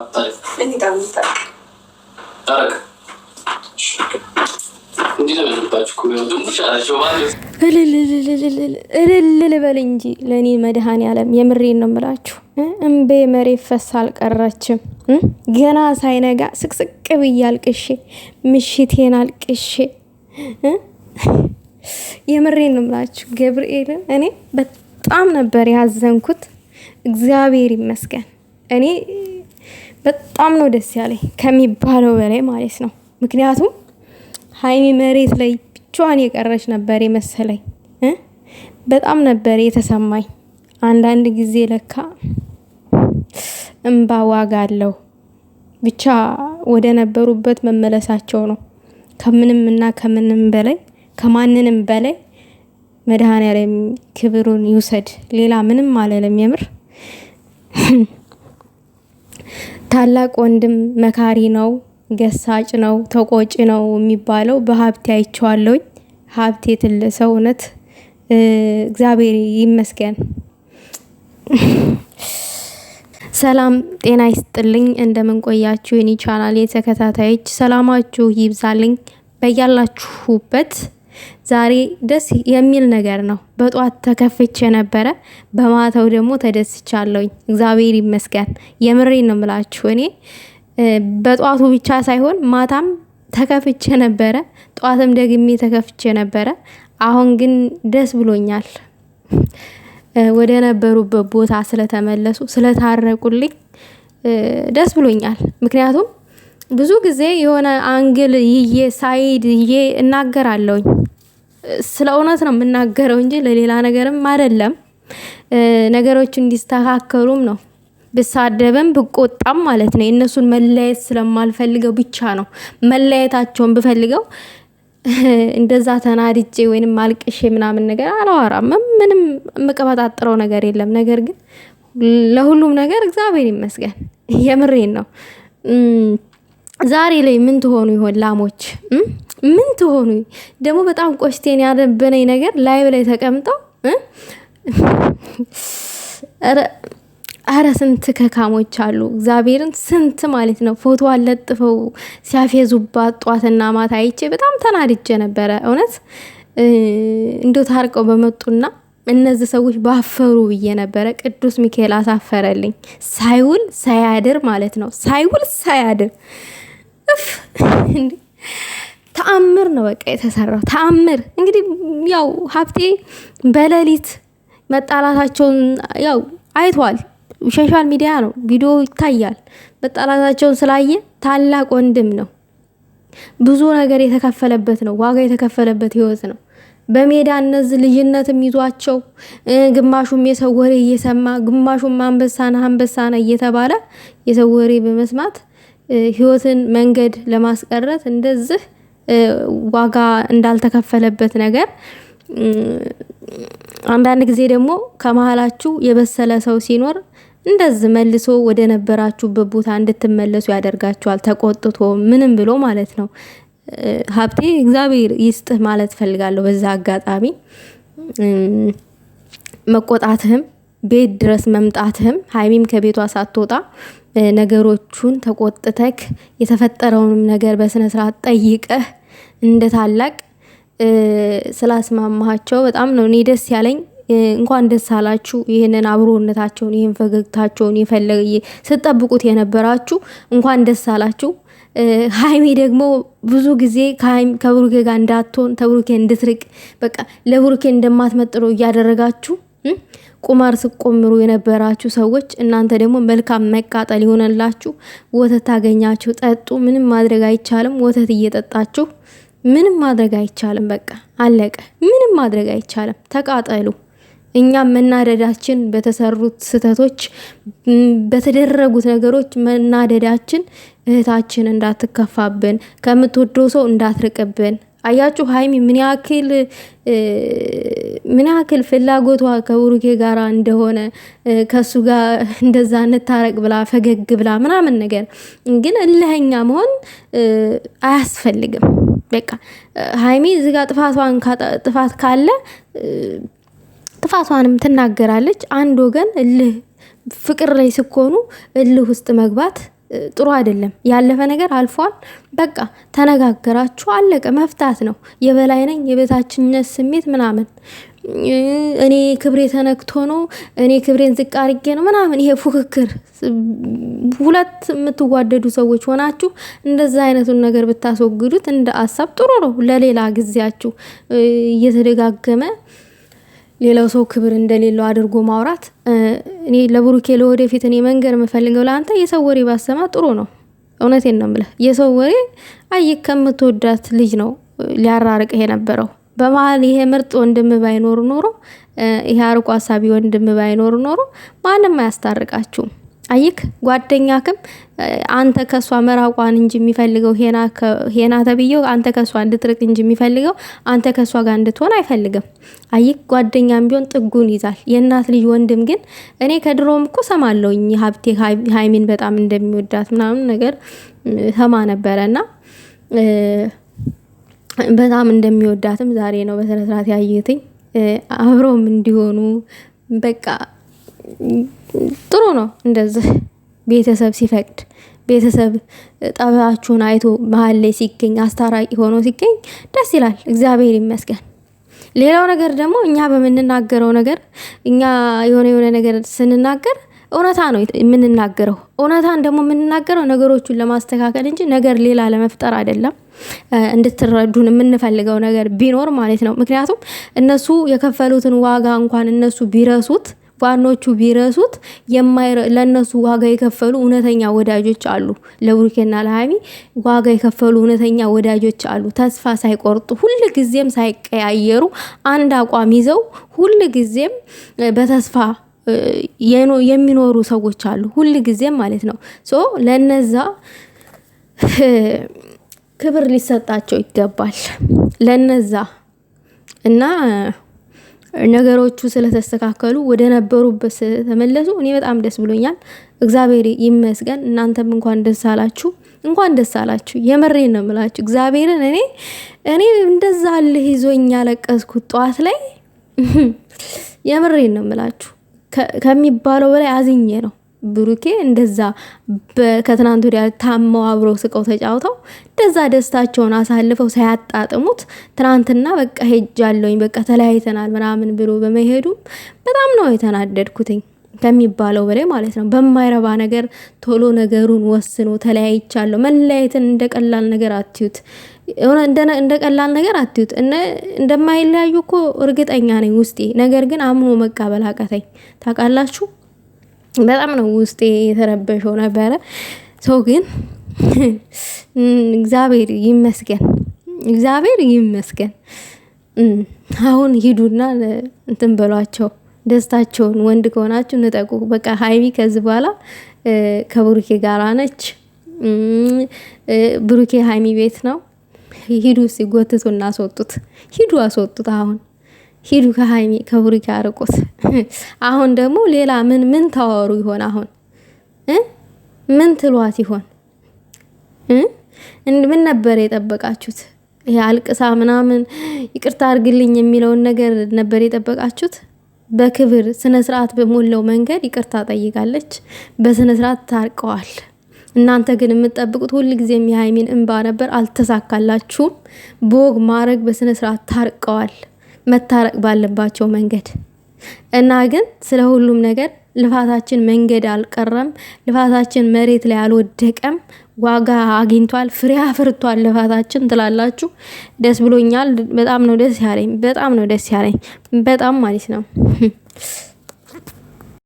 እልል በል እንጂ ለእኔ መድኃኔዓለም የምሬን ነው የምላችሁ። እምቤ መሬት ፈሳ አልቀረችም። ገና ሳይነጋ ስቅስቅ ብዬ አልቅሼ ምሽቴን አልቅሼ የምሬን ነው የምላችሁ። ገብርኤልን እኔ በጣም ነበር ያዘንኩት። እግዚአብሔር ይመስገን እኔ በጣም ነው ደስ ያለኝ ከሚባለው በላይ ማለት ነው። ምክንያቱም ሀይሚ መሬት ላይ ብቻዋን የቀረች ነበር የመሰለኝ። በጣም ነበር የተሰማኝ። አንዳንድ ጊዜ ለካ እምባ ዋጋ አለው። ብቻ ወደ ነበሩበት መመለሳቸው ነው ከምንም እና ከምንም በላይ ከማንንም በላይ መድኃኔዓለም ክብሩን ይውሰድ። ሌላ ምንም አለለም የምር ታላቅ ወንድም መካሪ ነው፣ ገሳጭ ነው፣ ተቆጭ ነው የሚባለው በሀብቴ አይቼዋለሁኝ። ሀብቴ ትልቅ ሰው እውነት እግዚአብሔር ይመስገን። ሰላም ጤና ይስጥልኝ። እንደምን ቆያችሁ? የኔ ቻናል የተከታታዮች ሰላማችሁ ይብዛልኝ በያላችሁበት ዛሬ ደስ የሚል ነገር ነው። በጧት ተከፍቼ ነበረ፣ በማታው ደግሞ ተደስቻለሁኝ። እግዚአብሔር ይመስገን። የምሬ ነው ምላችሁ እኔ በጧቱ ብቻ ሳይሆን ማታም ተከፍቼ ነበረ፣ ጧትም ደግሜ ተከፍቼ ነበረ። አሁን ግን ደስ ብሎኛል። ወደ ነበሩበት ቦታ ስለተመለሱ ስለታረቁልኝ ደስ ብሎኛል። ምክንያቱም ብዙ ጊዜ የሆነ አንግል ይዬ ሳይድ ይዬ እናገራለሁኝ። ስለ እውነት ነው የምናገረው እንጂ ለሌላ ነገርም አይደለም። ነገሮች እንዲስተካከሉም ነው ብሳደብም ብቆጣም ማለት ነው። የእነሱን መለያየት ስለማልፈልገው ብቻ ነው። መለያየታቸውን ብፈልገው እንደዛ ተናድጄ ወይንም አልቅሼ ምናምን ነገር አላወራም። ምንም የምቀበጣጥረው ነገር የለም። ነገር ግን ለሁሉም ነገር እግዚአብሔር ይመስገን። የምሬን ነው። ዛሬ ላይ ምን ትሆኑ ይሆን? ላሞች ምን ትሆኑ ደግሞ? በጣም ቆሽቴን ያደበነኝ ነገር ላይብ ላይ ተቀምጠው አረ ስንት ከካሞች አሉ። እግዚአብሔርን ስንት ማለት ነው። ፎቶ አለጥፈው ሲያፌዙባት ጧትና ማታ አይቼ በጣም ተናድጄ ነበረ። እውነት እንዶ ታርቀው በመጡና እነዚህ ሰዎች ባፈሩ ብዬ ነበረ። ቅዱስ ሚካኤል አሳፈረልኝ። ሳይውል ሳያድር ማለት ነው። ሳይውል ሳያድር እፍ እንዴ ተአምር ነው በቃ የተሰራው ተአምር። እንግዲህ ያው ሀብቴ በሌሊት መጣላታቸውን ያው አይተዋል። ሶሻል ሚዲያ ነው ቪዲዮ ይታያል። መጣላታቸውን ስላየ ታላቅ ወንድም ነው። ብዙ ነገር የተከፈለበት ነው፣ ዋጋ የተከፈለበት ህይወት ነው። በሜዳ እነዚህ ልጅነትም ይዟቸው ግማሹም የሰው ወሬ እየሰማ ግማሹም አንበሳና አንበሳና እየተባለ የሰው ወሬ በመስማት ህይወትን መንገድ ለማስቀረት እንደዚህ ዋጋ እንዳልተከፈለበት ነገር አንዳንድ ጊዜ ደግሞ ከመሀላችሁ የበሰለ ሰው ሲኖር እንደዚህ መልሶ ወደ ነበራችሁበት ቦታ እንድትመለሱ ያደርጋችኋል። ተቆጥቶ ምንም ብሎ ማለት ነው። ሀብቴ እግዚአብሔር ይስጥህ ማለት ፈልጋለሁ በዛ አጋጣሚ መቆጣትህም ቤት ድረስ መምጣትህም ሀይሚም ከቤቷ ሳትወጣ ነገሮቹን ተቆጥተክ የተፈጠረውንም ነገር በስነስርዓት ጠይቀህ እንደ ታላቅ ስላስማማቸው በጣም ነው እኔ ደስ ያለኝ። እንኳን ደስ አላችሁ። ይህንን አብሮነታቸውን ይህን ፈገግታቸውን የፈለገ ስጠብቁት የነበራችሁ እንኳን ደስ አላችሁ። ሀይሚ ደግሞ ብዙ ጊዜ ከብሩኬ ጋር እንዳትሆን ተብሩኬ እንድትርቅ በቃ ለብሩኬ እንደማትመጥነው እያደረጋችሁ ቁማር ስቆምሩ የነበራችሁ ሰዎች እናንተ ደግሞ መልካም መቃጠል ይሆነላችሁ። ወተት ታገኛችሁ፣ ጠጡ። ምንም ማድረግ አይቻልም። ወተት እየጠጣችሁ ምንም ማድረግ አይቻልም። በቃ አለቀ። ምንም ማድረግ አይቻልም። ተቃጠሉ። እኛም መናደዳችን በተሰሩት ስህተቶች በተደረጉት ነገሮች መናደዳችን እህታችን እንዳትከፋብን ከምትወደው ሰው እንዳትርቅብን አያችሁ ሀይሚ ምን ያክል ምን ያክል ፍላጎቷ ከብሩኬ ጋር እንደሆነ ከሱ ጋር እንደዛ እንታረቅ ብላ ፈገግ ብላ ምናምን ነገር ግን እልህኛ መሆን አያስፈልግም። በቃ ሀይሚ ዝጋ ጥፋቷን ጥፋት ካለ ጥፋቷንም ትናገራለች። አንድ ወገን እልህ ፍቅር ላይ ስኮኑ እልህ ውስጥ መግባት ጥሩ አይደለም። ያለፈ ነገር አልፏል። በቃ ተነጋገራችሁ፣ አለቀ። መፍታት ነው። የበላይ ነኝ የበታችነት ስሜት ምናምን እኔ ክብሬ ተነክቶ ነው እኔ ክብሬን ዝቅ አድርጌ ነው ምናምን። ይሄ ፉክክር ሁለት የምትዋደዱ ሰዎች ሆናችሁ እንደዛ አይነቱን ነገር ብታስወግዱት እንደ አሳብ ጥሩ ነው። ለሌላ ጊዜያችሁ እየተደጋገመ ሌላው ሰው ክብር እንደሌለው አድርጎ ማውራት። እኔ ለብሩኬ ለወደፊት እኔ መንገር የምፈልገው ለአንተ የሰው ወሬ ባሰማ ጥሩ ነው። እውነቴን ነው የምልህ። የሰው ወሬ አይ ከምትወዳት ልጅ ነው ሊያራርቅህ የነበረው። በመሀል ይሄ ምርጥ ወንድም ባይኖር ኖሮ፣ ይሄ አርቆ አሳቢ ወንድም ባይኖር ኖሮ ማንም አያስታርቃችሁም። አይክ ጓደኛክም አንተ ከሷ መራቋን እንጂ የሚፈልገው ሄና ተብዬው አንተ ከሷ እንድትርቅ እንጂ የሚፈልገው አንተ ከሷ ጋር እንድትሆን አይፈልግም። አይክ ጓደኛም ቢሆን ጥጉን ይዛል። የእናት ልጅ ወንድም ግን እኔ ከድሮም እኮ ሰማለሁኝ ሀብቴ ሀይሚን በጣም እንደሚወዳት ምናምን ነገር ሰማ ነበረ እና በጣም እንደሚወዳትም ዛሬ ነው በስነስርዓት ያየትኝ አብረውም እንዲሆኑ በቃ ጥሩ ነው እንደዚህ ቤተሰብ ሲፈቅድ ቤተሰብ ጠባያችሁን አይቶ መሀል ላይ ሲገኝ አስታራቂ ሆኖ ሲገኝ ደስ ይላል። እግዚአብሔር ይመስገን። ሌላው ነገር ደግሞ እኛ በምንናገረው ነገር እኛ የሆነ የሆነ ነገር ስንናገር እውነታ ነው የምንናገረው። እውነታን ደግሞ የምንናገረው ነገሮቹን ለማስተካከል እንጂ ነገር ሌላ ለመፍጠር አይደለም። እንድትረዱን የምንፈልገው ነገር ቢኖር ማለት ነው። ምክንያቱም እነሱ የከፈሉትን ዋጋ እንኳን እነሱ ቢረሱት ፋኖቹ ቢረሱት ለእነሱ ዋጋ የከፈሉ እውነተኛ ወዳጆች አሉ። ለብሩኬና ለሀሚ ዋጋ የከፈሉ እውነተኛ ወዳጆች አሉ። ተስፋ ሳይቆርጡ ሁል ጊዜም ሳይቀያየሩ አንድ አቋም ይዘው ሁል ጊዜም በተስፋ የሚኖሩ ሰዎች አሉ። ሁል ጊዜም ማለት ነው። ሶ ለነዛ ክብር ሊሰጣቸው ይገባል ለነዛ እና ነገሮቹ ስለተስተካከሉ ወደ ነበሩበት ስለተመለሱ እኔ በጣም ደስ ብሎኛል። እግዚአብሔር ይመስገን። እናንተም እንኳን ደስ አላችሁ፣ እንኳን ደስ አላችሁ። የመሬን ነው የምላችሁ። እግዚአብሔርን እኔ እኔ እንደዛ አልህ ይዞኝ ያለቀስኩት ጠዋት ላይ የምሬን ነው የምላችሁ። ከሚባለው በላይ አዝኜ ነው ብሩኬ እንደዛ ከትናንት ወዲያ ታመው አብረው ስቀው ተጫውተው እንደዛ ደስታቸውን አሳልፈው ሳያጣጥሙት ትናንትና በቃ ሄጃለሁኝ በቃ ተለያይተናል ምናምን ብሎ በመሄዱ በጣም ነው የተናደድኩትኝ ከሚባለው በላይ ማለት ነው። በማይረባ ነገር ቶሎ ነገሩን ወስኖ ተለያይቻለሁ። መለያየትን እንደ ቀላል ነገር አትዩት፣ እንደ ቀላል ነገር አትዩት። እንደማይለያዩ እኮ እርግጠኛ ነኝ ውስጤ፣ ነገር ግን አምኖ መቃበል አቀተኝ። ታውቃላችሁ በጣም ነው ውስጤ የተረበሸው ነበረ። ሰው ግን እግዚአብሔር ይመስገን፣ እግዚአብሔር ይመስገን። አሁን ሂዱና እንትን በሏቸው ደስታቸውን ወንድ ከሆናችሁ ንጠቁ። በቃ ሀይሚ ከዚህ በኋላ ከብሩኬ ጋራ ነች። ብሩኬ ሀይሚ ቤት ነው። ሂዱ ሲጎትቱ እናስወጡት። ሂዱ አስወጡት። አሁን ሂዱ ከሀይሚ ከብሩኬ አርቁት። አሁን ደግሞ ሌላ ምን ምን ታወሩ ይሆን? አሁን ምን ትሏት ይሆን? ምን ነበር የጠበቃችሁት? ይሄ አልቅሳ ምናምን ይቅርታ አርግልኝ የሚለውን ነገር ነበር የጠበቃችሁት? በክብር ስነ ስርዓት በሞላው መንገድ ይቅርታ ጠይቃለች። በስነ ስርዓት ታርቀዋል። እናንተ ግን የምትጠብቁት ሁል ጊዜም የሀይሚን እንባ ነበር። አልተሳካላችሁም። በወግ ማድረግ በስነ ስርዓት ታርቀዋል። መታረቅ ባለባቸው መንገድ እና ግን ስለ ሁሉም ነገር ልፋታችን መንገድ አልቀረም፣ ልፋታችን መሬት ላይ አልወደቀም፣ ዋጋ አግኝቷል፣ ፍሬ አፍርቷል ልፋታችን ትላላችሁ። ደስ ብሎኛል። በጣም ነው ደስ ያለኝ፣ በጣም ነው ደስ ያለኝ፣ በጣም ማለት ነው።